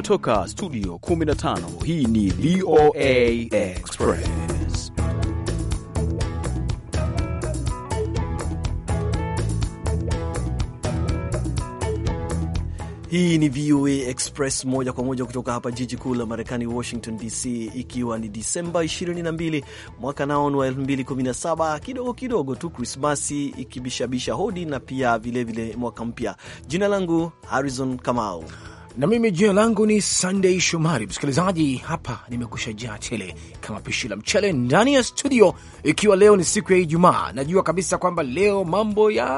kutoka studio 15 hii ni VOA Express. Hii ni VOA Express moja kwa moja kutoka hapa jiji kuu la Marekani, Washington DC, ikiwa ni Disemba 22 mwaka naon wa 2017, kidogo kidogo tu Krismasi ikibishabisha hodi na pia vilevile vile mwaka mpya. Jina langu Harrison Kamau na mimi jina langu ni Sunday Shomari. Msikilizaji, hapa nimekusha jaa tele kama pishi la mchele ndani ya studio, ikiwa leo ni siku ya Ijumaa. Najua kabisa kwamba leo mambo ya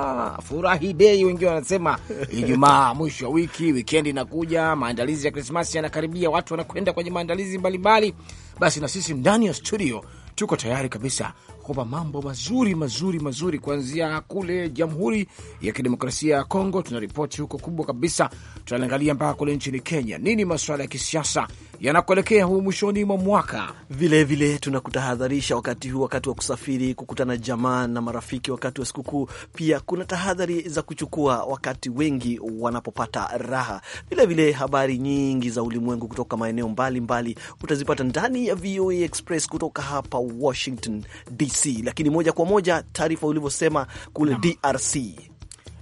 furahi dei, wengine wanasema Ijumaa, mwisho wa wiki, wikendi inakuja, maandalizi ya Krismasi yanakaribia, watu wanakwenda kwenye maandalizi mbalimbali. Basi na sisi ndani ya studio tuko tayari kabisa kwamba mambo mazuri mazuri mazuri kuanzia kule Jamhuri ya Kidemokrasia ya Kongo. Tuna ripoti huko kubwa kabisa, tunaangalia mpaka kule nchini Kenya, nini masuala ya kisiasa yanakuelekea huu mwishoni mwa mwaka. Vilevile tunakutahadharisha wakati huu, wakati wa kusafiri, kukutana jamaa na marafiki wakati wa sikukuu. Pia kuna tahadhari za kuchukua wakati wengi wanapopata raha. Vilevile habari nyingi za ulimwengu kutoka maeneo mbalimbali mbali, utazipata ndani ya VOA Express kutoka hapa Washington DC. DC, lakini moja kwa moja taarifa ulivyosema kule DRC.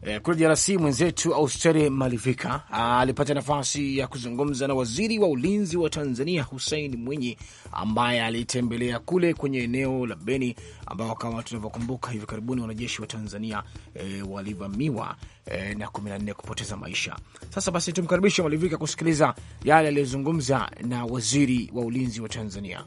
Eh, kule DRC mwenzetu Austeri Malivika ah, alipata nafasi ya kuzungumza na waziri wa ulinzi wa Tanzania Hussein Mwinyi ambaye alitembelea kule kwenye eneo la Beni ambao kama tunavyokumbuka hivi karibuni wanajeshi wa Tanzania e, walivamiwa e, na nne kupoteza maisha. Sasa basi tumkaribishe Malivika kusikiliza yale aliyozungumza na waziri wa ulinzi wa Tanzania.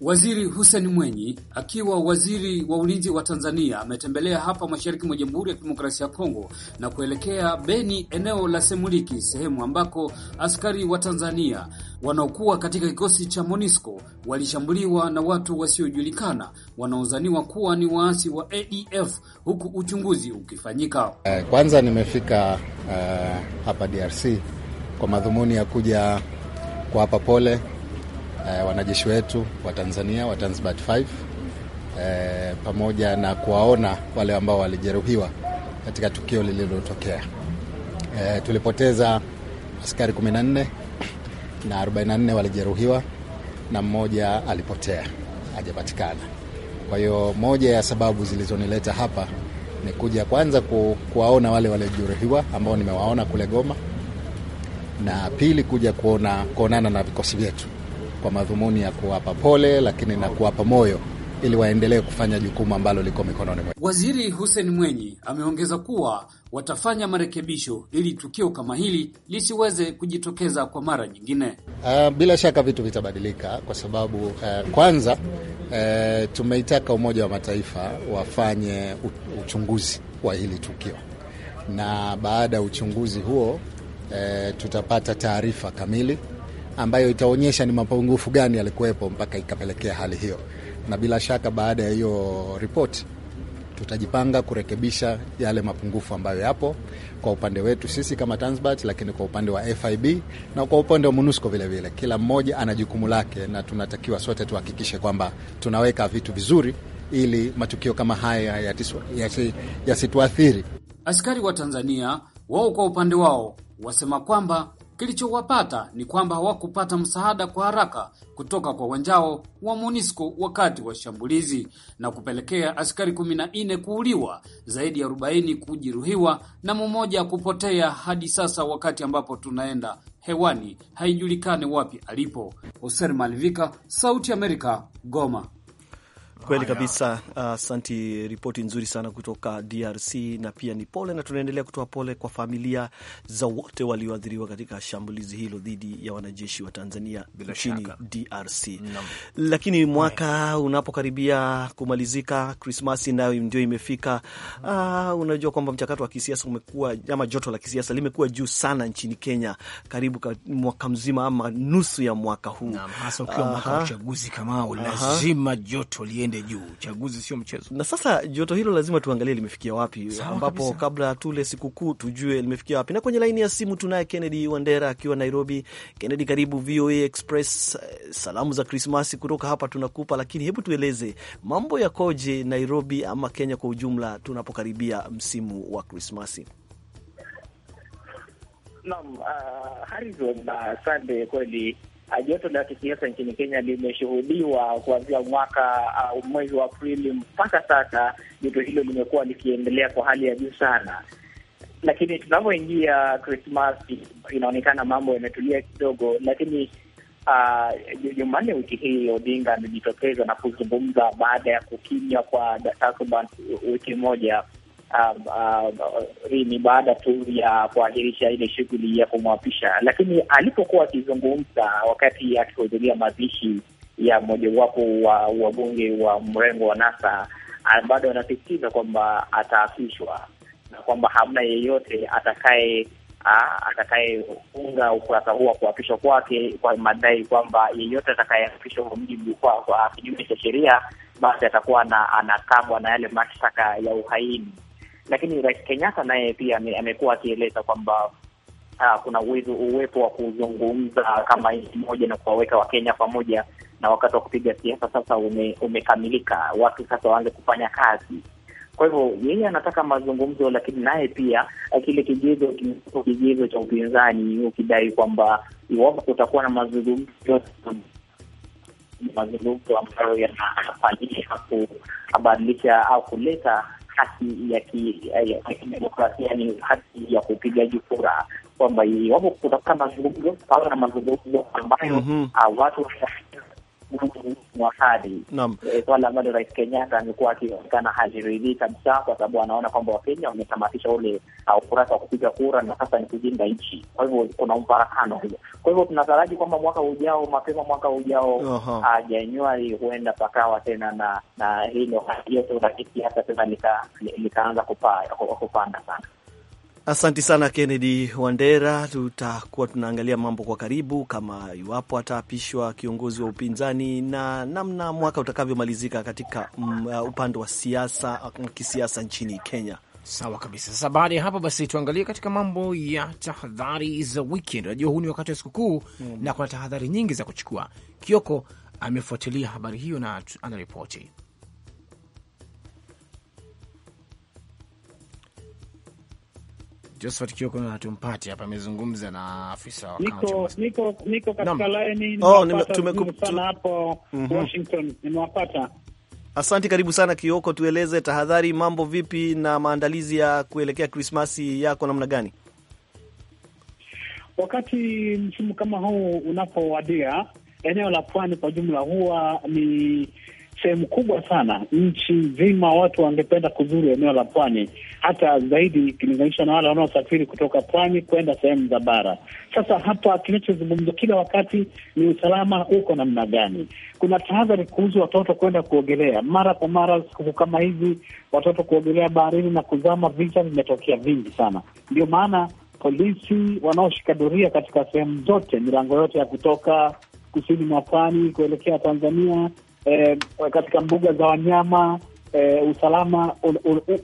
Waziri Hussein Mwenyi akiwa waziri wa ulinzi wa Tanzania ametembelea hapa mashariki mwa Jamhuri ya Kidemokrasia ya Kongo na kuelekea Beni, eneo la Semuliki, sehemu ambako askari wa Tanzania wanaokuwa katika kikosi cha MONUSCO walishambuliwa na watu wasiojulikana wanaozaniwa kuwa ni waasi wa ADF, e huku uchunguzi ukifanyika. Eh, kwanza nimefika uh, hapa DRC kwa madhumuni ya kuja hapa pole eh, wanajeshi wetu wa Tanzania wa Tanzbat 5 eh, pamoja na kuwaona wale ambao walijeruhiwa katika tukio lililotokea. Eh, tulipoteza askari 14 na 44 walijeruhiwa na mmoja alipotea hajapatikana. Kwa hiyo moja ya sababu zilizonileta hapa ni kuja kwanza ku, kuwaona wale waliojeruhiwa ambao nimewaona kule Goma, na pili kuja kuona kuonana na vikosi vyetu kwa madhumuni ya kuwapa pole, lakini na kuwapa moyo ili waendelee kufanya jukumu ambalo liko mikononi mwao. Waziri Hussein Mwenyi ameongeza kuwa watafanya marekebisho ili tukio kama hili lisiweze kujitokeza kwa mara nyingine. Uh, bila shaka vitu vitabadilika kwa sababu uh, kwanza uh, tumeitaka Umoja wa Mataifa wafanye uchunguzi wa hili tukio, na baada ya uchunguzi huo uh, tutapata taarifa kamili ambayo itaonyesha ni mapungufu gani yalikuwepo mpaka ikapelekea hali hiyo, na bila shaka baada ya hiyo ripoti tutajipanga kurekebisha yale mapungufu ambayo yapo kwa upande wetu sisi kama Tanzbat, lakini kwa upande wa FIB na kwa upande wa MONUSCO vilevile, kila mmoja ana jukumu lake, na tunatakiwa sote tuhakikishe kwamba tunaweka vitu vizuri ili matukio kama haya yasituathiri. Askari wa Tanzania wao kwa upande wao wasema kwamba Kilichowapata ni kwamba hawakupata msaada kwa haraka kutoka kwa wanjao wa MONUSCO wakati wa shambulizi na kupelekea askari kumi na nne kuuliwa, zaidi ya arobaini kujeruhiwa na mmoja kupotea hadi sasa, wakati ambapo tunaenda hewani haijulikane wapi alipo. Hoser Malivika, Sauti ya Amerika, Goma. Kweli ah, kabisa. Uh, ah, santi, ripoti nzuri sana kutoka DRC na pia ni pole, na tunaendelea kutoa pole kwa familia za wote walioathiriwa katika shambulizi hilo dhidi ya wanajeshi wa Tanzania nchini DRC no. Lakini mwaka unapokaribia kumalizika, Krismasi nayo ndio imefika. Uh, unajua kwamba mchakato wa kisiasa umekuwa ama joto la kisiasa limekuwa juu sana nchini Kenya karibu ka, mwaka mzima ama nusu ya mwaka huu, hasa ukiwa mwaka uchaguzi kama lazima joto liende iende juu. Chaguzi sio mchezo, na sasa joto hilo lazima tuangalie limefikia wapi, ambapo kabla tule sikukuu tujue limefikia wapi. Na kwenye laini ya simu tunaye Kennedy Wandera akiwa Nairobi. Kennedy, karibu VOA Express. Salamu za Krismasi kutoka hapa tunakupa, lakini hebu tueleze mambo yakoje Nairobi ama Kenya kwa ujumla tunapokaribia msimu wa Krismasi? Naam, uh, ah, Harizon na ah, Sande, kweli Uh, joto la kisiasa nchini Kenya limeshuhudiwa kuanzia mwaka uh, mwezi wa Aprili mpaka sasa. Joto hilo limekuwa likiendelea kwa hali ya juu sana, lakini tunavyoingia Krismasi inaonekana mambo yametulia kidogo, lakini uh, Jumanne wiki hii Odinga amejitokeza na kuzungumza baada ya kukimya kwa takriban wiki moja Um, hii uh, ni baada tu ya kuahirisha ile shughuli ya kumwapisha, lakini alipokuwa akizungumza wakati akihudhuria mazishi ya mojawapo wa wabunge wa mrengo wa NASA uh, bado anasisitiza kwamba ataapishwa na kwamba hamna yeyote atakaye uh, atakayefunga ukurasa huu wa kuapishwa kwake kwa madai kwamba yeyote atakayeapishwa kwa mujibu kwa kinyume cha sheria, basi atakuwa anakabwa na yale mashtaka ya uhaini. Lakini Rais Kenyatta naye pia amekuwa akieleza kwamba uh, kuna uwezo uwepo wa kuzungumza kama nchi moja na kuwaweka Wakenya pamoja, na wakati wa kupiga siasa sasa ume, umekamilika. Watu sasa waanze kufanya kazi. Kwa hivyo yeye anataka mazungumzo, lakini naye pia eh, kile kigezo kigezo cha upinzani ukidai kwamba iwapo kutakuwa na mazungumzo mazungumzo ambayo yanafanyika kubadilisha au kuleta haki eh, ya kidemokrasia, ni haki ya kupigaji kura, kwamba iwapo kutakuta mazungumzo, pawe na mazungumzo ambayo mhm. ah, watu mwafadi e, swala ambalo Rais Kenyatta amekuwa akionekana hajiridhii kabisa, kwa sababu anaona kwamba Wakenya wametamatisha ule uh, ukurasa wa kupiga kura na sasa ni kujenga nchi. Kwa hivyo kuna mfarakano huo. Kwa hivyo tunataraji kwamba mwaka ujao, mapema mwaka ujao uh, Januari, huenda pakawa tena na na hilo yote urafiki kisiasa tena likaanza kupanda sana. Asanti sana Kennedy Wandera. Tutakuwa tunaangalia mambo kwa karibu, kama iwapo ataapishwa kiongozi wa upinzani na namna mwaka utakavyomalizika katika mm, uh, upande wa siasa uh, kisiasa nchini Kenya. Sawa kabisa. Sasa baada ya hapo basi, tuangalie katika mambo ya tahadhari za weekend. Najua huu ni wakati wa sikukuu mm, na kuna tahadhari nyingi za kuchukua. Kioko amefuatilia habari hiyo na anaripoti. Josephat Kioko na hatumpati hapa, amezungumza na afisa wa niko, niko katika laini oh, hapo mm -hmm. Washington nimewapata. Asante, karibu sana Kioko, tueleze tahadhari, mambo vipi na maandalizi ya kuelekea Krismasi yako namna gani? Wakati msimu kama huu unapowadia, eneo la pwani kwa jumla huwa ni sehemu kubwa sana nchi nzima, watu wangependa kuzuru eneo la pwani, hata zaidi ikilinganishwa na wale wanaosafiri kutoka pwani kwenda sehemu za bara. Sasa hapa kinachozungumzwa kila wakati ni usalama uko namna gani? Kuna tahadhari kuhusu watoto kwenda kuogelea mara kwa mara. Siku kama hizi watoto kuogelea baharini na kuzama, visa vimetokea vingi sana. Ndio maana polisi wanaoshika doria katika sehemu zote, milango yote ya kutoka kusini mwa pwani kuelekea Tanzania eh, katika mbuga za wanyama eh, usalama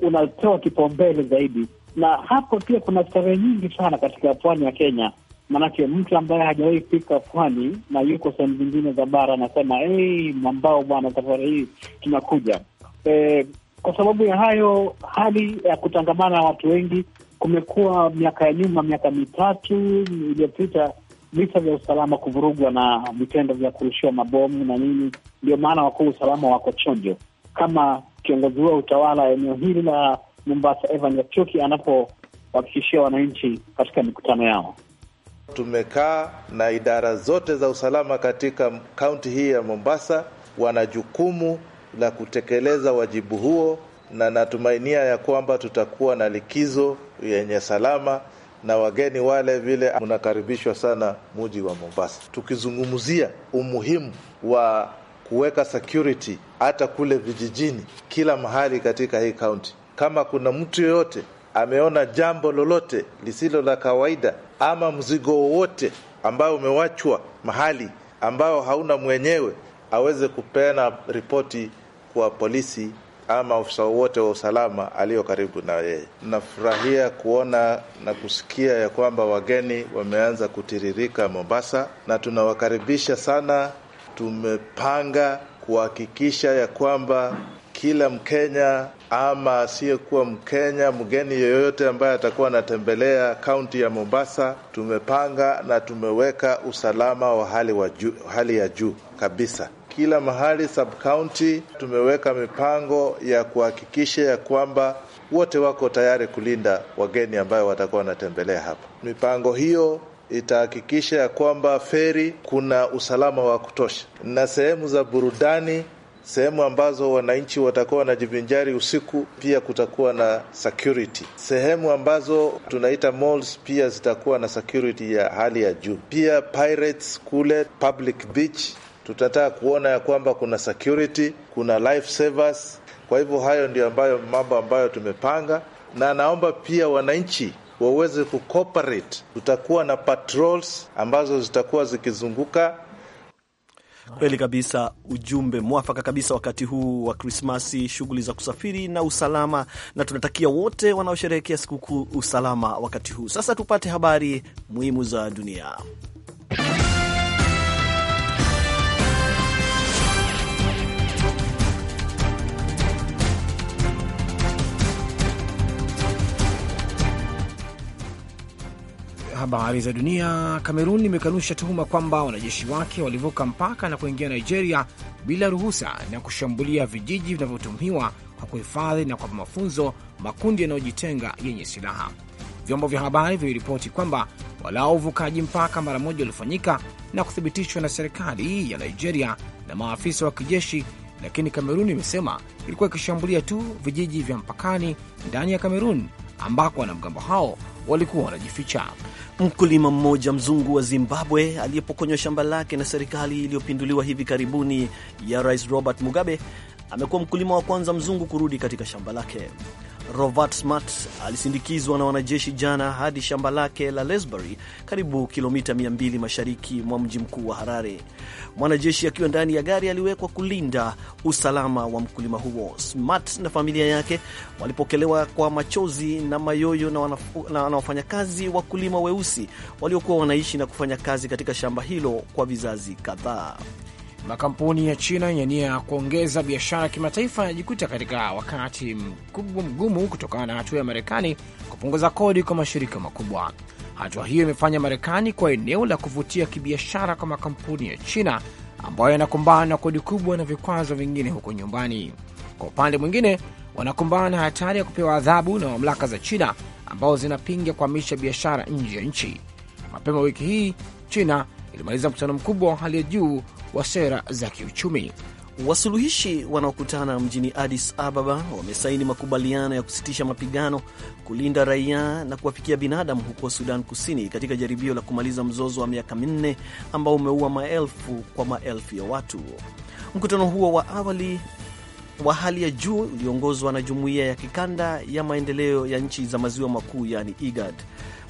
unatoa kipaumbele zaidi, na hapo pia kuna starehe nyingi sana katika pwani ya Kenya. Maanake mtu ambaye hajawahi fika pwani na yuko sehemu zingine za bara anasema hey, mambao bwana, safari hii tunakuja. Eh, kwa sababu ya hayo hali ya kutangamana na watu wengi kumekuwa miaka ya nyuma, miaka mitatu iliyopita visa vya usalama kuvurugwa na vitendo vya kurushiwa mabomu na nini. Ndio maana wakuu usalama wako chonjo, kama kiongozi huo utawala eneo hili la Mombasa Evan Yachuki anapohakikishia wananchi katika mikutano yao. Tumekaa na idara zote za usalama katika kaunti hii ya Mombasa, wana jukumu la kutekeleza wajibu huo, na natumainia ya kwamba tutakuwa na likizo yenye salama na wageni wale, vile mnakaribishwa sana muji wa Mombasa. Tukizungumzia umuhimu wa kuweka security hata kule vijijini, kila mahali katika hii kaunti, kama kuna mtu yoyote ameona jambo lolote lisilo la kawaida ama mzigo wowote ambao umewachwa mahali ambao hauna mwenyewe, aweze kupeana ripoti kwa polisi ama ofisa wote wa usalama aliyo karibu na yeye. Nafurahia kuona na kusikia ya kwamba wageni wameanza kutiririka Mombasa, na tunawakaribisha sana. Tumepanga kuhakikisha ya kwamba kila Mkenya ama asiyekuwa Mkenya, mgeni yoyote ambaye atakuwa anatembelea kaunti ya Mombasa, tumepanga na tumeweka usalama wa hali, wa juu, hali ya juu kabisa kila mahali sub county tumeweka mipango ya kuhakikisha ya kwamba wote wako tayari kulinda wageni ambayo watakuwa wanatembelea hapa. Mipango hiyo itahakikisha ya kwamba feri kuna usalama wa kutosha, na sehemu za burudani, sehemu ambazo wananchi watakuwa wanajivinjari usiku, pia kutakuwa na security. Sehemu ambazo tunaita malls pia zitakuwa na security ya hali ya juu. Pia pirates kule public beach tutataka kuona ya kwamba kuna security, kuna life savers. Kwa hivyo hayo ndio ambayo mambo ambayo tumepanga, na naomba pia wananchi waweze kucooperate. Tutakuwa na patrols ambazo zitakuwa zikizunguka Kweli kabisa, ujumbe mwafaka kabisa wakati huu wa Krismasi, shughuli za kusafiri na usalama, na tunatakia wote wanaosherehekea sikukuu usalama wakati huu. Sasa tupate habari muhimu za dunia. habari za dunia. Kamerun imekanusha tuhuma kwamba wanajeshi wake walivuka mpaka na kuingia Nigeria bila ruhusa na kushambulia vijiji vinavyotumiwa kwa kuhifadhi na kwa mafunzo makundi yanayojitenga yenye silaha. Vyombo vya habari viliripoti kwamba walau uvukaji mpaka mara moja ulifanyika na kuthibitishwa na serikali ya Nigeria na maafisa wa kijeshi, lakini Kamerun imesema ilikuwa ikishambulia tu vijiji vya mpakani ndani ya Kamerun ambako wanamgambo hao walikuwa wanajificha. Mkulima mmoja mzungu wa Zimbabwe aliyepokonywa shamba lake na serikali iliyopinduliwa hivi karibuni ya Rais Robert Mugabe amekuwa mkulima wa kwanza mzungu kurudi katika shamba lake robert Smart alisindikizwa na wanajeshi jana hadi shamba lake la Lesbury, karibu kilomita 200 mashariki mwa mji mkuu wa Harare. Mwanajeshi akiwa ndani ya gari aliwekwa kulinda usalama wa mkulima huo. Smart na familia yake walipokelewa kwa machozi na mayoyo na, na, na wafanyakazi wakulima weusi waliokuwa wanaishi na kufanya kazi katika shamba hilo kwa vizazi kadhaa. Makampuni ya China yenye nia ya kuongeza biashara ya kimataifa yanajikuta katika wakati mkubwa mgumu kutokana na hatua ya Marekani kupunguza kodi kwa mashirika makubwa. Hatua hiyo imefanya Marekani kwa eneo la kuvutia kibiashara kwa makampuni ya China ambayo yanakumbana na kodi kubwa na vikwazo vingine huko nyumbani. Kwa upande mwingine, wanakumbana na hatari ya kupewa adhabu na mamlaka za China ambazo zinapinga kuhamisha biashara nje ya nchi. Mapema wiki hii China ilimaliza mkutano mkubwa wa hali ya juu wa sera za kiuchumi. Wasuluhishi wanaokutana mjini Addis Ababa wamesaini makubaliano ya kusitisha mapigano, kulinda raia na kuwafikia binadamu huko Sudan Kusini, katika jaribio la kumaliza mzozo wa miaka minne ambao umeua maelfu kwa maelfu ya watu. Mkutano huo wa awali wa hali ya juu uliongozwa na jumuiya ya kikanda ya maendeleo ya nchi za maziwa makuu yaani IGAD.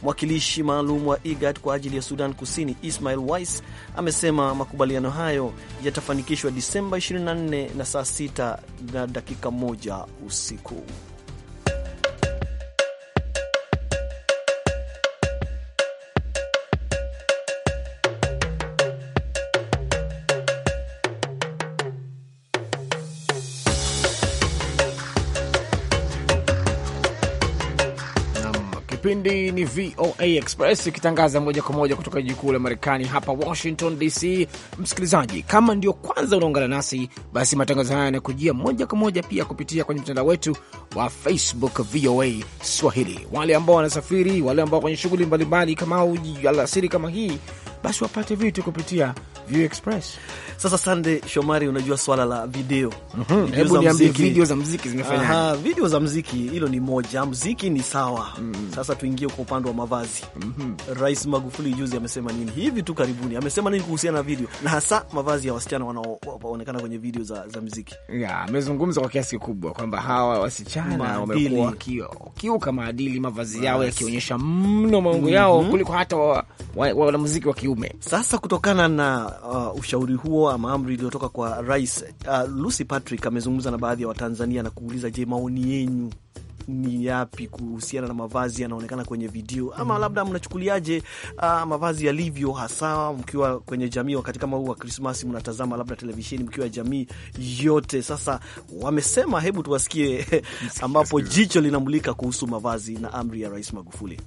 Mwakilishi maalum wa IGAD kwa ajili ya Sudan Kusini Ismail Wais amesema makubaliano hayo yatafanikishwa Disemba 24 na saa 6 na dakika moja usiku. Kipindi ni VOA Express ikitangaza moja kwa moja kutoka jiji kuu la Marekani hapa Washington DC. Msikilizaji, kama ndio kwanza unaungana nasi, basi matangazo haya yanakujia moja kwa moja pia kupitia kwenye mtandao wetu wa Facebook VOA Swahili. Wale ambao wanasafiri, wale ambao kwenye shughuli mbalimbali kama alasiri kama hii basi wapate vitu kupitia View Express. Sasa Sande Shomari, unajua swala la video, mhm, video, za mziki. zimefanya Aha, video za mziki hilo ni moja, mziki ni sawa mm -hmm. Sasa tuingie kwa upande wa mavazi mm -hmm. Rais Magufuli juzi amesema nini hivi tu karibuni, amesema nini kuhusiana na video na hasa mavazi ya wasichana wanaoonekana kwenye video za, za mziki? Amezungumza yeah, kwa kiasi kikubwa kwamba hawa wasichana wamekuwa wakiuka maadili, mavazi yao yakionyesha mno maungo yao mhm. kuliko hata wanamuziki wa, wa, wa, wa, wa, wa, wa, wa, wa, wa kiume. Sasa kutokana na uh, ushauri huo ama amri iliyotoka kwa rais uh, Lucy Patrick amezungumza na baadhi ya wa Watanzania na kuuliza, je, maoni yenyu ni yapi kuhusiana na mavazi yanaonekana kwenye video ama mm, labda mnachukuliaje uh, mavazi yalivyo, hasa mkiwa kwenye jamii wakati kama huu wa Krismasi, mnatazama labda televisheni mkiwa jamii yote. Sasa wamesema, hebu tuwasikie ambapo jicho linamulika kuhusu mavazi na amri ya Rais Magufuli.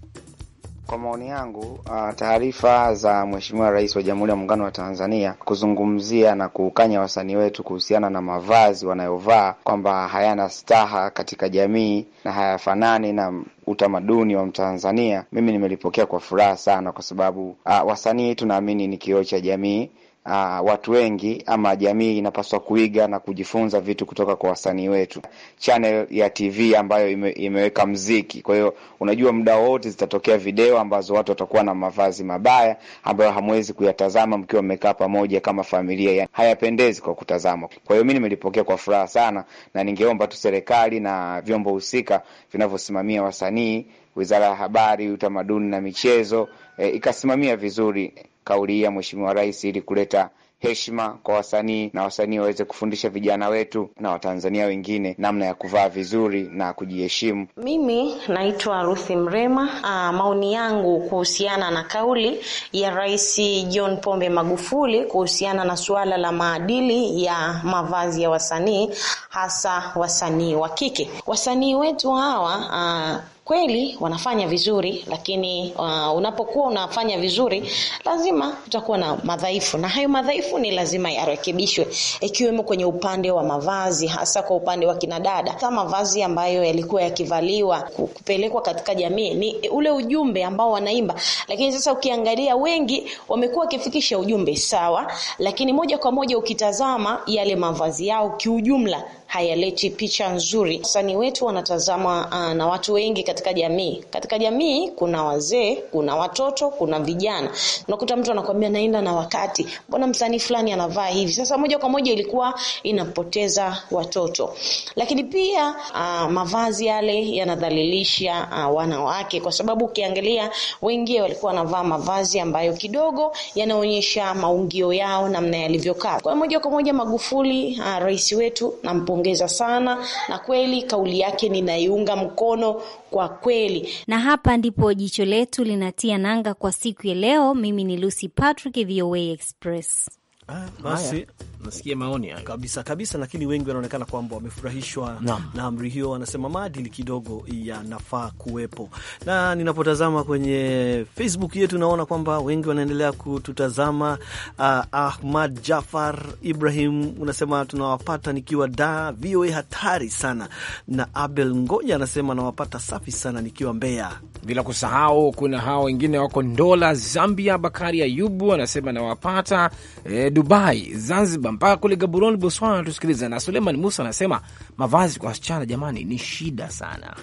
Kwa maoni yangu, ah, taarifa za Mheshimiwa Rais wa Jamhuri ya Muungano wa Tanzania kuzungumzia na kuukanya wasanii wetu kuhusiana na mavazi wanayovaa kwamba hayana staha katika jamii na hayafanani na utamaduni wa Mtanzania, mimi nimelipokea kwa furaha sana, kwa sababu ah, wasanii tunaamini ni kioo cha jamii uh, watu wengi ama jamii inapaswa kuiga na kujifunza vitu kutoka kwa wasanii wetu. Channel ya TV ambayo ime, imeweka mziki, kwa hiyo unajua muda wote zitatokea video ambazo watu watakuwa na mavazi mabaya ambayo hamwezi kuyatazama mkiwa mmekaa pamoja kama familia, yani hayapendezi kwa kutazama. Kwa hiyo mi nimelipokea kwa furaha sana, na ningeomba tu serikali na vyombo husika vinavyosimamia wasanii, Wizara ya Habari, Utamaduni na Michezo, e, ikasimamia vizuri kauli ya Mheshimiwa Rais ili kuleta heshima kwa wasanii na wasanii waweze kufundisha vijana wetu na Watanzania wengine namna ya kuvaa vizuri na kujiheshimu. Mimi naitwa Ruthi Mrema. Aa, ah, maoni yangu kuhusiana na kauli ya Rais John Pombe Magufuli kuhusiana na suala la maadili ya mavazi ya wasanii hasa wasanii wa kike. Wasanii wetu hawa aa, ah, Kweli wanafanya vizuri, lakini uh, unapokuwa unafanya vizuri lazima utakuwa na madhaifu, na hayo madhaifu ni lazima yarekebishwe, ikiwemo kwenye upande wa mavazi, hasa kwa upande wa kinadada. kama mavazi ambayo yalikuwa yakivaliwa kupelekwa katika jamii ni ule ujumbe ambao wanaimba, lakini sasa ukiangalia, wengi wamekuwa wakifikisha ujumbe sawa, lakini moja kwa moja ukitazama yale mavazi yao kiujumla hayaleti picha nzuri. Wasanii wetu wanatazama uh, na watu wengi katika jamii. Katika jamii kuna wazee, kuna watoto, kuna vijana. Unakuta mtu anakwambia naenda na wakati, mbona msanii fulani anavaa hivi? Sasa moja kwa moja ilikuwa inapoteza watoto, lakini pia uh, mavazi yale yanadhalilisha uh, wanawake, kwa sababu ukiangalia wengi walikuwa wanavaa mavazi ambayo kidogo yanaonyesha maungio yao namna yalivyokaa. Kwa moja kwa moja Magufuli uh, rais wetu na mpunga ameipongeza sana, na kweli kauli yake ninaiunga mkono kwa kweli. Na hapa ndipo jicho letu linatia nanga kwa siku ya leo. Mimi ni Lucy Patrick, VOA Express. Ah, basi nasikia maoni hayo kabisa kabisa, lakini wengi wanaonekana kwamba wamefurahishwa na amri hiyo, wanasema maadili kidogo yanafaa kuwepo. Na ninapotazama kwenye Facebook yetu naona kwamba wengi wanaendelea kututazama. Uh, Ahmad Jafar Ibrahim unasema tunawapata nikiwa da VOA hatari sana, na Abel Ngoja anasema nawapata safi sana nikiwa Mbeya, bila kusahau kuna hao wengine wako Ndola Zambia. Bakari Ayubu anasema nawapata eh, Dubai, Zanzibar, mpaka kule Gaborone, Botswana natusikiliza. Na Suleiman Musa anasema mavazi kwa wasichana jamani, ni shida sana.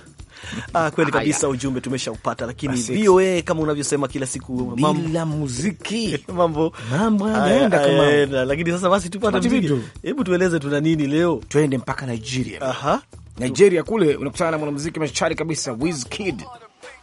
Ah, kweli kabisa, ujumbe tumeshaupata, lakini VOA kama unavyosema kila siku bila muziki mambo mambo yanaenda kama. Lakini sasa basi tupate muziki, hebu tueleze tuna nini leo? Twende mpaka Nigeria. Aha, Nigeria kule unakutana na mwanamuziki mashuhuri kabisa Wizkid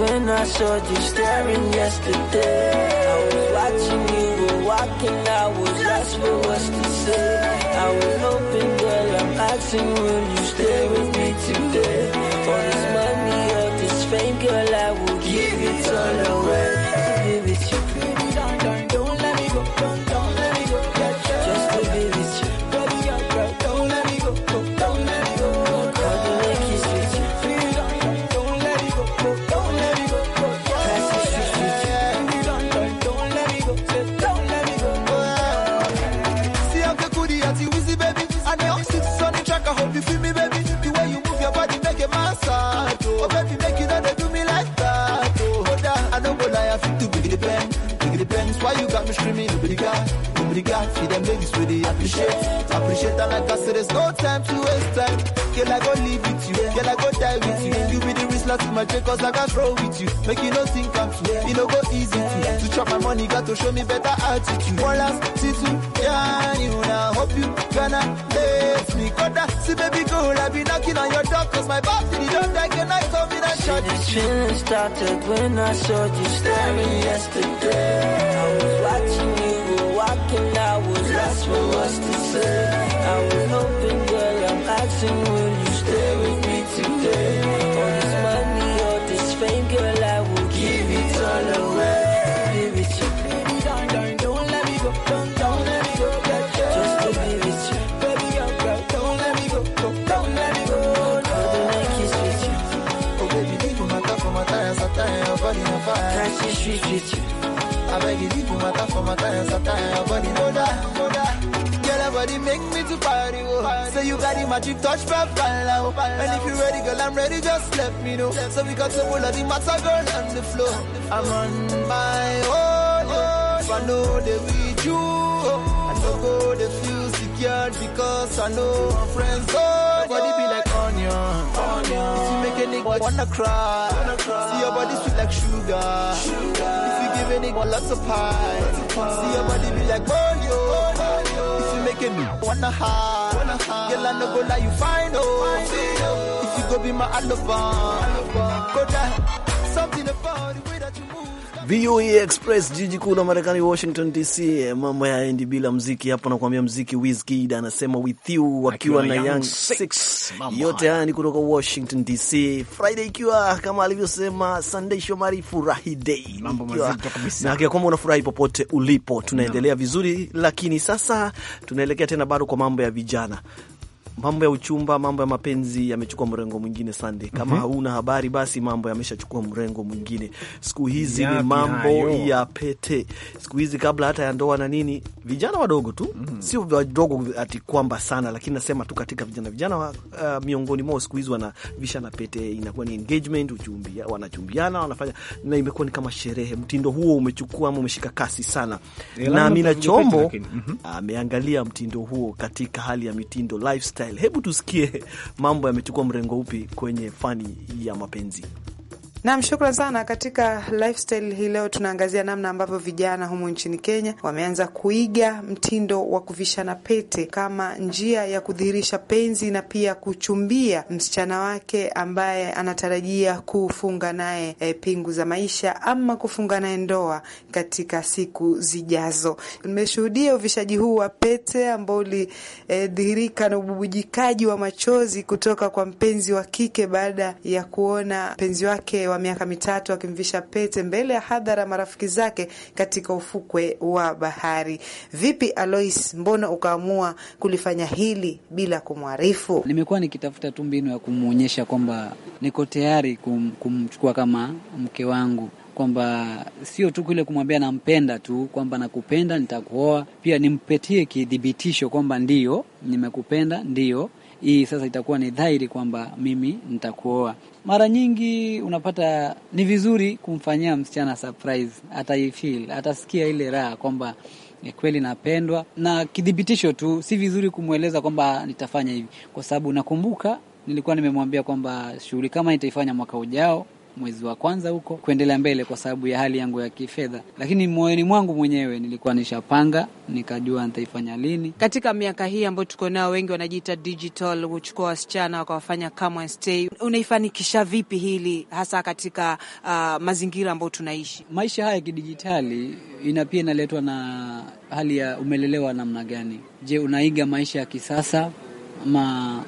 when I saw you staring yesterday. I was watching you were walking, I was lost for what's to say. I was hoping, girl, I'm asking, will you stay with me today? For this money or this fame, girl, I will give it all away. no time to waste time. Girl, I go live with you. Girl, I go die with you. You be the risk to my drink, cause I got throw with you. Make you no think I'm too. It no go easy to, to chop my money, got to show me better attitude. One last two, yeah, you now. Hope you gonna let me go down. See, baby girl, I be knocking on your door, cause my back to the door, I cannot come in and shut you. This feeling started when I saw you staring yesterday. I was watching you, walking out asked for what's to say. I was hoping, girl, I'm asking, will you stay with me today? All this money, all this fame, girl, I will give it all away. Give it to me. Don't, let me go. Don't, let me go. Just to give it to Baby, girl, don't let me go. Don't, let me go. For the night kiss with you. Oh, baby, people, my top for my tires, i body on fire. Can't you with you? I beg you, leave my top for my time, I'm I'm body on body make me to party, oh. Say you got the magic touch, papala, oh. And if you ready, girl, I'm ready, just let me know. So we got the whole of the matter, girl, on the floor. I'm on my own, oh. If I know they with you, oh. I don't go, they feel secure because I know I'm friends, oh. body be like onion, onion. If you make any boy wanna cry, wanna cry. see your body sweet like sugar, sugar. If you give any boy lots of pie, see your body be like, oh making me wanna hide. Wanna hide. Girl, I no go lie, you find oh. If you go be my alibi, go die. Something about the way that you move. VOA Express, jiji kuu la Marekani, Washington DC. Mambo yaendi bila mziki hapo, nakuambia mziki. Wizkid anasema with you wakiwa na Young Six. Yote haya ni kutoka Washington DC, Friday ikiwa kama alivyosema Sunday Shomari, furahi day na hakika kwamba unafurahi popote ulipo. Tunaendelea vizuri, lakini sasa tunaelekea tena bado kwa mambo ya vijana mambo ya uchumba, mambo ya mapenzi yamechukua mrengo mwingine Sande. Kama mm -hmm. hauna habari, basi mambo yameshachukua mrengo mwingine siku hizi. Ni mambo hayo ya pete siku hizi, kabla hata ya ndoa na nini, vijana wadogo tu mm -hmm. sio wadogo ati kwamba sana, lakini nasema tu katika vijana vijana wa, uh, miongoni mwao siku hizi wanavisha na pete, inakuwa ni engagement, uchumbia, wanachumbiana, wanafanya na imekuwa ni kama sherehe. Mtindo huo umechukua ama umeshika kasi sana, na Amina Chombo mm -hmm. ameangalia mtindo huo katika hali ya mitindo lifestyle Hebu tusikie mambo yamechukua mrengo upi kwenye fani ya mapenzi. Nam, shukran sana. Katika lifestyle hii leo tunaangazia namna ambavyo vijana humu nchini Kenya wameanza kuiga mtindo wa kuvishana pete kama njia ya kudhihirisha penzi na pia kuchumbia msichana wake ambaye anatarajia kufunga naye e, pingu za maisha ama kufunga naye ndoa katika siku zijazo. Nimeshuhudia uvishaji huu wa pete ambao ulidhihirika e, na ububujikaji wa machozi kutoka kwa mpenzi wa kike baada ya kuona mpenzi wake wa miaka mitatu akimvisha pete mbele ya hadhara marafiki zake katika ufukwe wa bahari. Vipi Alois, mbona ukaamua kulifanya hili bila kumwarifu? Nimekuwa nikitafuta tu mbinu ya kumwonyesha kwamba niko tayari kum, kumchukua kama mke wangu kwamba sio tu kule kumwambia nampenda tu, kwamba nakupenda, nitakuoa pia, nimpetie kidhibitisho kwamba ndiyo nimekupenda, ndiyo hii sasa itakuwa ni dhahiri kwamba mimi nitakuoa. Mara nyingi unapata ni vizuri kumfanyia msichana surprise, ataifeel, atasikia ile raha kwamba eh, kweli napendwa, na kidhibitisho tu. Si vizuri kumweleza kwamba nitafanya hivi, kwa sababu nakumbuka nilikuwa nimemwambia kwamba shughuli kama nitaifanya mwaka ujao mwezi wa kwanza huko kuendelea mbele, kwa sababu ya hali yangu ya kifedha. Lakini moyoni mwangu mwenyewe nilikuwa nishapanga, nikajua nitaifanya lini. Katika miaka hii ambayo tuko nao, wengi wanajiita digital, huchukua wasichana wakawafanya come and stay. Unaifanikisha vipi hili hasa katika uh, mazingira ambayo tunaishi? Maisha haya ya kidijitali ina pia inaletwa na hali ya umelelewa namna gani? Je, unaiga maisha ya kisasa ma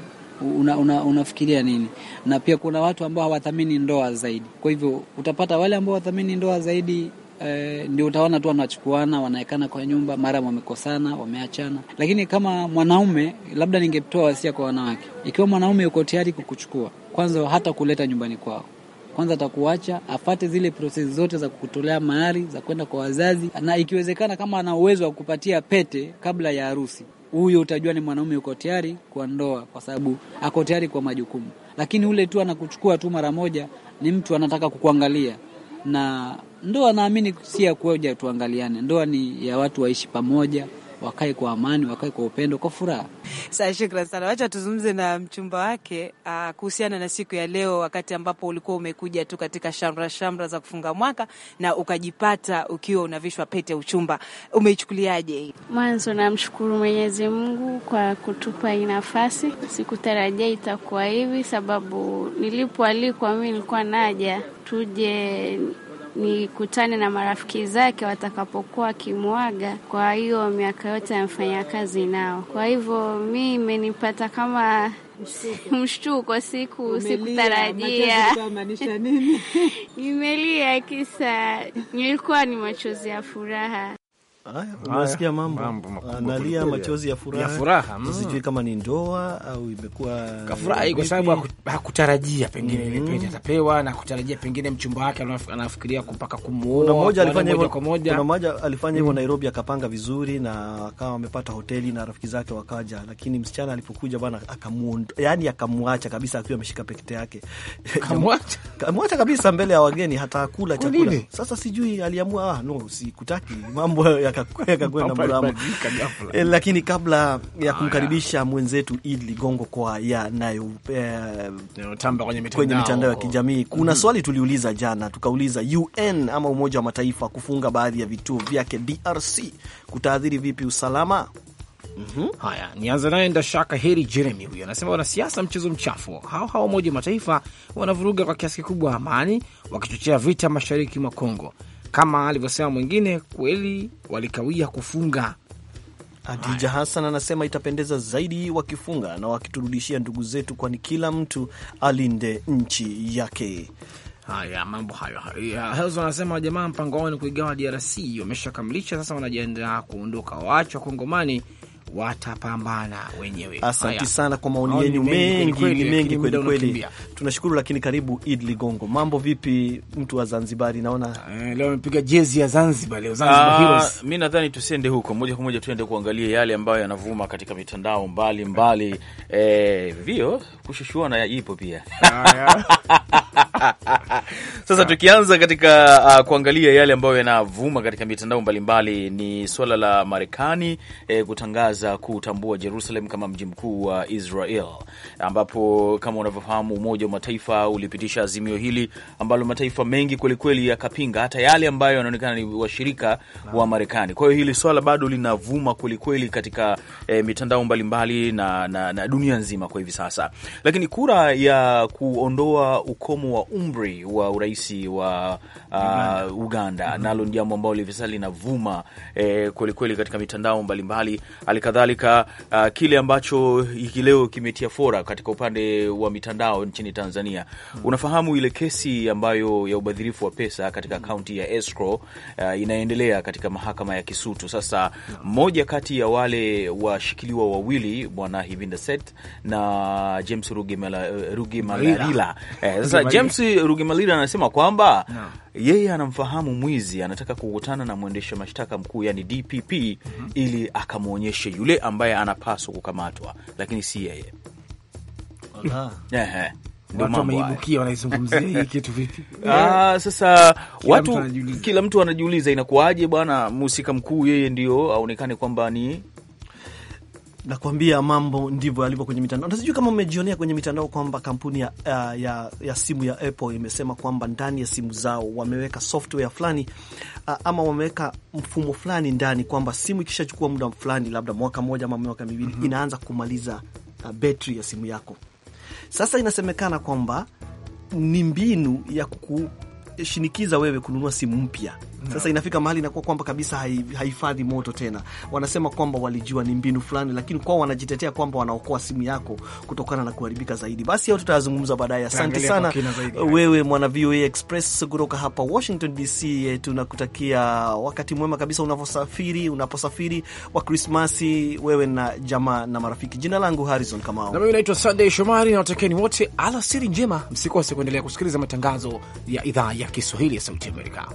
una, una, unafikiria nini? Na pia kuna watu ambao hawathamini ndoa zaidi. Kwa hivyo utapata wale ambao wathamini ndoa zaidi Eh, ndio utaona tu wanachukuana, wanaekana kwa nyumba, mara wamekosana, wameachana. Lakini kama mwanaume, labda ningetoa wasia kwa wanawake, ikiwa mwanaume yuko tayari kukuchukua, kwanza hata kuleta nyumbani kwao, kwanza atakuacha, afate zile prosesi zote za kukutolea mahari, za kwenda kwa wazazi, na ikiwezekana, kama ana uwezo wa kupatia pete kabla ya harusi, huyu utajua ni mwanaume yuko tayari kwa ndoa, kwa sababu ako tayari kwa majukumu. Lakini ule tu anakuchukua tu mara moja, ni mtu anataka kukuangalia. Na ndoa naamini si ya kuoja tuangaliane, ndoa ni ya watu waishi pamoja wakae kwa amani, wakae kwa upendo, kwa furaha. Sasa shukran sana, wacha tuzungumze na mchumba wake ah, kuhusiana na siku ya leo, wakati ambapo ulikuwa umekuja tu katika shamra shamra za kufunga mwaka na ukajipata ukiwa unavishwa pete uchumba, umeichukuliaje hii? Mwanzo namshukuru Mwenyezi Mungu kwa kutupa hii nafasi, sikutarajia itakuwa hivi, sababu nilipoalikwa mi nilikuwa naja tuje nikutane na marafiki zake watakapokuwa akimwaga, kwa hiyo miaka yote amefanya kazi nao. Kwa hivyo mi imenipata kama mshtuko, siku sikutarajia. Nimelia kisa nilikuwa ni machozi ya furaha. Unasikia mambo, analia ah, machozi ya furaha, ya furaha mm. Sijui kama ni ndoa au imekuwa kafurahi kwa sababu hakutarajia pengine mm. ile pete atapewa na kutarajia pengine mchumba wake anafikiria mpaka kumuona Kuna mmoja alifanya hivyo, kuna mmoja alifanya hivyo mm. Nairobi, akapanga vizuri na akawa amepata hoteli na rafiki zake wakaja, lakini msichana alipokuja bwana akamuondo, yani akamwacha kabisa akiwa ameshika pete yake akamwacha akamwacha kabisa mbele ya wageni, hata kula chakula. Sasa sijui aliamua ah, no sikutaki mambo ya yakakwenda mrama. Eh, lakini kabla ya kumkaribisha mwenzetu Idi Ligongo kwa yanayotamba eh, kwenye mitandao ya kijamii, kuna mhm. swali tuliuliza jana, tukauliza UN ama Umoja wa Mataifa kufunga baadhi ya vituo vyake DRC kutaadhiri vipi usalama? Mm -hmm. Haya, nianze naye Ndashaka Heri Jeremy, huyo anasema wanasiasa mchezo mchafu hao hao Umoja wa Mataifa wanavuruga kwa kiasi kikubwa amani, wakichochea vita mashariki mwa Kongo kama alivyosema mwingine, kweli walikawia kufunga. Adija Hasan anasema itapendeza zaidi wakifunga na wakiturudishia ndugu zetu, kwani kila mtu alinde nchi yake. Haya, mambo hayo hayo. wanasema jamaa, mpango wao ni kuigawa DRC wameshakamilisha, sasa wanajiandaa kuondoka. Waache kongomani watapambana wenyewe. Asante sana kwa maoni yenu mengi, ni mengi kweli kweli, tunashukuru. Lakini karibu Id Ligongo, mambo vipi? Mtu wa Zanzibari naona eh, leo amepiga jezi ya Zanzibar leo, Zanzibar ah, Heroes. Mi nadhani tusiende huko moja kwa moja, tuende kuangalia yale ambayo yanavuma katika mitandao mbalimbali. Eh, vio kushushuana ipo pia Sasa tukianza katika uh, kuangalia yale ambayo yanavuma katika mitandao mbalimbali ni suala la Marekani eh, kutangaza kutambua Jerusalem kama mji mkuu wa Israel, ambapo kama unavyofahamu Umoja wa Mataifa ulipitisha azimio hili ambalo mataifa mengi kwelikweli yakapinga, hata yale ambayo yanaonekana ni washirika na wa Marekani. Kwa hiyo hili swala bado linavuma kwelikweli katika eh, mitandao mbalimbali na, na, na dunia nzima kwa hivi sasa, lakini kura ya kuondoa ukomo wa umri wa uraisi wa uh, Uganda mm -hmm. nalo ni jambo ambalo hivi sasa linavuma eh, kwelikweli katika mitandao mbalimbali, halikadhalika uh, kile ambacho hiki leo kimetia fora katika upande wa mitandao nchini Tanzania mm -hmm. unafahamu ile kesi ambayo ya ubadhirifu wa pesa katika mm-hmm. kaunti ya escrow uh, inaendelea katika mahakama ya Kisutu. Sasa mmoja kati ya wale washikiliwa wawili bwana Hivindaset na James rugi uh, Rugimalila. Eh, sasa James basi Rugemalira anasema kwamba no. yeye anamfahamu mwizi, anataka kukutana na mwendesha mashtaka mkuu yani DPP mm -hmm. ili akamwonyeshe yule ambaye anapaswa kukamatwa, lakini si yeye ah, eh. sasa watu mtu kila mtu anajiuliza inakuwaje bwana mhusika mkuu yeye ndio aonekane kwamba ni Nakwambia mambo ndivyo yalivyo kwenye mitandao, na sijui kama mmejionea kwenye mitandao kwamba kampuni ya, ya, ya simu ya Apple imesema kwamba ndani ya simu zao wameweka software fulani ama wameweka mfumo fulani ndani kwamba simu ikishachukua muda fulani, labda mwaka mmoja ama miaka miwili, mm -hmm. inaanza kumaliza betri ya simu yako. Sasa inasemekana kwamba ni mbinu ya kuku shinikiza wewe kununua simu mpya no. Sasa inafika mahali inakuwa kwamba kabisa haihifadhi moto tena. Wanasema kwamba walijua ni mbinu fulani, lakini kwao wanajitetea kwamba wanaokoa simu yako kutokana na kuharibika zaidi. Basi hao tutayazungumza baadaye. Asante sana wewe mwana VOA Express kutoka hapa Washington DC. Eh, tunakutakia wakati mwema kabisa unavyosafiri, unaposafiri wa Krismasi, wewe na jamaa na marafiki. Jina langu Harrison Kamau, na mimi naitwa Sunday Shomari, na wote alasiri njema, msikose kuendelea kusikiliza matangazo ya idhaa ya Kiswahili ya Sauti Amerika.